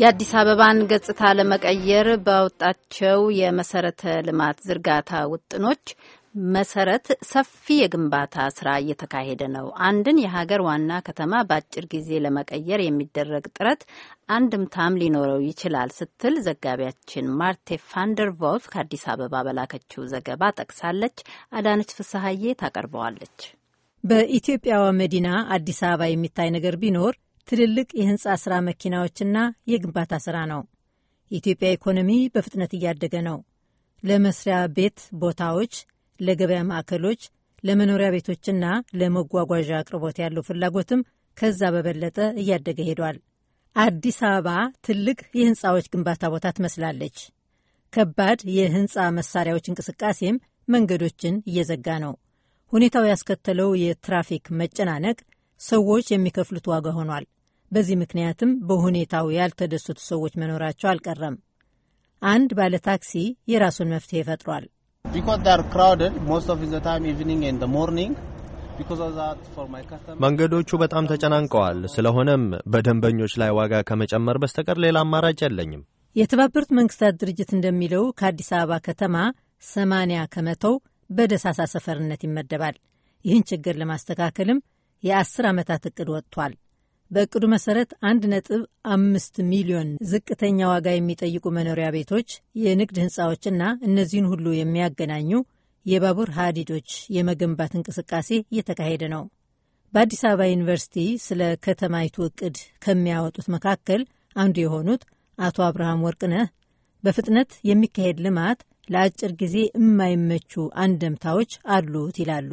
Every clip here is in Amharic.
የአዲስ አበባን ገጽታ ለመቀየር ባወጣቸው የመሰረተ ልማት ዝርጋታ ውጥኖች መሰረት ሰፊ የግንባታ ስራ እየተካሄደ ነው። አንድን የሀገር ዋና ከተማ በአጭር ጊዜ ለመቀየር የሚደረግ ጥረት አንድምታም ሊኖረው ይችላል ስትል ዘጋቢያችን ማርቴ ፋንደር ቮልፍ ከአዲስ አበባ በላከችው ዘገባ ጠቅሳለች። አዳነች ፍስሀዬ ታቀርበዋለች። በኢትዮጵያዋ መዲና አዲስ አበባ የሚታይ ነገር ቢኖር ትልልቅ የህንፃ ሥራ መኪናዎችና የግንባታ ሥራ ነው። የኢትዮጵያ ኢኮኖሚ በፍጥነት እያደገ ነው። ለመስሪያ ቤት ቦታዎች፣ ለገበያ ማዕከሎች፣ ለመኖሪያ ቤቶችና ለመጓጓዣ አቅርቦት ያለው ፍላጎትም ከዛ በበለጠ እያደገ ሄዷል። አዲስ አበባ ትልቅ የህንፃዎች ግንባታ ቦታ ትመስላለች። ከባድ የህንፃ መሳሪያዎች እንቅስቃሴም መንገዶችን እየዘጋ ነው። ሁኔታው ያስከተለው የትራፊክ መጨናነቅ ሰዎች የሚከፍሉት ዋጋ ሆኗል። በዚህ ምክንያትም በሁኔታው ያልተደሰቱ ሰዎች መኖራቸው አልቀረም። አንድ ባለ ታክሲ የራሱን መፍትሄ ፈጥሯል። መንገዶቹ በጣም ተጨናንቀዋል። ስለሆነም በደንበኞች ላይ ዋጋ ከመጨመር በስተቀር ሌላ አማራጭ የለኝም። የተባበሩት መንግስታት ድርጅት እንደሚለው ከአዲስ አበባ ከተማ 80 ከመቶው በደሳሳ ሰፈርነት ይመደባል። ይህን ችግር ለማስተካከልም የአስር ዓመታት እቅድ ወጥቷል። በእቅዱ መሰረት 1.5 ሚሊዮን ዝቅተኛ ዋጋ የሚጠይቁ መኖሪያ ቤቶች፣ የንግድ ህንፃዎችና እነዚህን ሁሉ የሚያገናኙ የባቡር ሀዲዶች የመገንባት እንቅስቃሴ እየተካሄደ ነው። በአዲስ አበባ ዩኒቨርሲቲ ስለ ከተማይቱ እቅድ ከሚያወጡት መካከል አንዱ የሆኑት አቶ አብርሃም ወርቅነህ በፍጥነት የሚካሄድ ልማት ለአጭር ጊዜ የማይመቹ አንደምታዎች አሉት ይላሉ።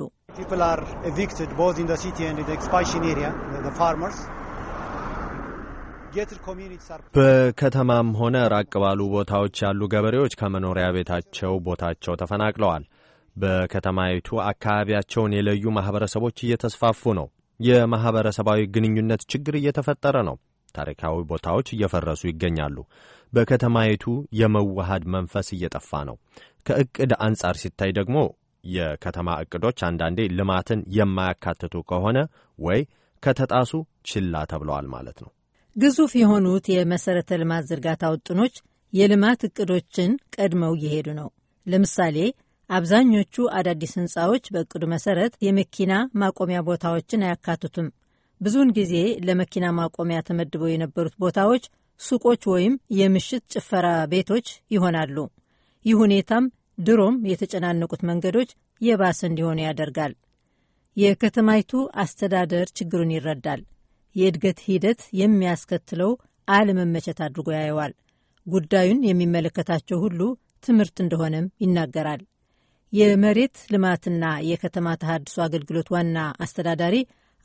በከተማም ሆነ ራቅ ባሉ ቦታዎች ያሉ ገበሬዎች ከመኖሪያ ቤታቸው ቦታቸው ተፈናቅለዋል። በከተማይቱ አካባቢያቸውን የለዩ ማኅበረሰቦች እየተስፋፉ ነው። የማኅበረሰባዊ ግንኙነት ችግር እየተፈጠረ ነው። ታሪካዊ ቦታዎች እየፈረሱ ይገኛሉ። በከተማይቱ የመዋሃድ መንፈስ እየጠፋ ነው። ከእቅድ አንጻር ሲታይ ደግሞ የከተማ እቅዶች አንዳንዴ ልማትን የማያካትቱ ከሆነ ወይ ከተጣሱ ችላ ተብለዋል ማለት ነው። ግዙፍ የሆኑት የመሰረተ ልማት ዝርጋታ ውጥኖች የልማት እቅዶችን ቀድመው እየሄዱ ነው። ለምሳሌ አብዛኞቹ አዳዲስ ህንፃዎች በእቅዱ መሰረት የመኪና ማቆሚያ ቦታዎችን አያካትቱም። ብዙውን ጊዜ ለመኪና ማቆሚያ ተመድበው የነበሩት ቦታዎች ሱቆች ወይም የምሽት ጭፈራ ቤቶች ይሆናሉ። ይህ ሁኔታም ድሮም የተጨናነቁት መንገዶች የባሰ እንዲሆኑ ያደርጋል። የከተማይቱ አስተዳደር ችግሩን ይረዳል። የእድገት ሂደት የሚያስከትለው አለመመቸት አድርጎ ያየዋል። ጉዳዩን የሚመለከታቸው ሁሉ ትምህርት እንደሆነም ይናገራል። የመሬት ልማትና የከተማ ተሃድሶ አገልግሎት ዋና አስተዳዳሪ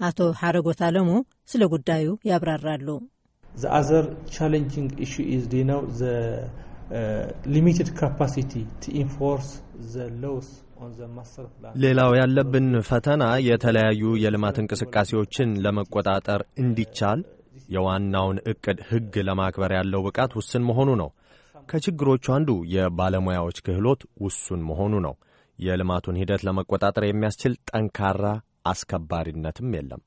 አቶ ሐረጎት አለሙ ስለ ጉዳዩ ያብራራሉ። ዘአዘር ቻሌንጂንግ ኢሹ ኢዝ ዲነው ሊሚትድ ካፓሲቲ ቱ ኢንፎርስ ዘ ሎስ ሌላው ያለብን ፈተና የተለያዩ የልማት እንቅስቃሴዎችን ለመቆጣጠር እንዲቻል የዋናውን እቅድ ሕግ ለማክበር ያለው ብቃት ውስን መሆኑ ነው። ከችግሮቹ አንዱ የባለሙያዎች ክህሎት ውሱን መሆኑ ነው። የልማቱን ሂደት ለመቆጣጠር የሚያስችል ጠንካራ አስከባሪነትም የለም።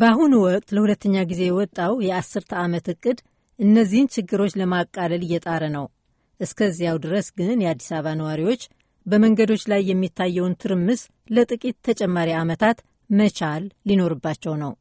በአሁኑ ወቅት ለሁለተኛ ጊዜ የወጣው የአስርተ ዓመት እቅድ እነዚህን ችግሮች ለማቃለል እየጣረ ነው። እስከዚያው ድረስ ግን የአዲስ አበባ ነዋሪዎች በመንገዶች ላይ የሚታየውን ትርምስ ለጥቂት ተጨማሪ ዓመታት መቻል ሊኖርባቸው ነው።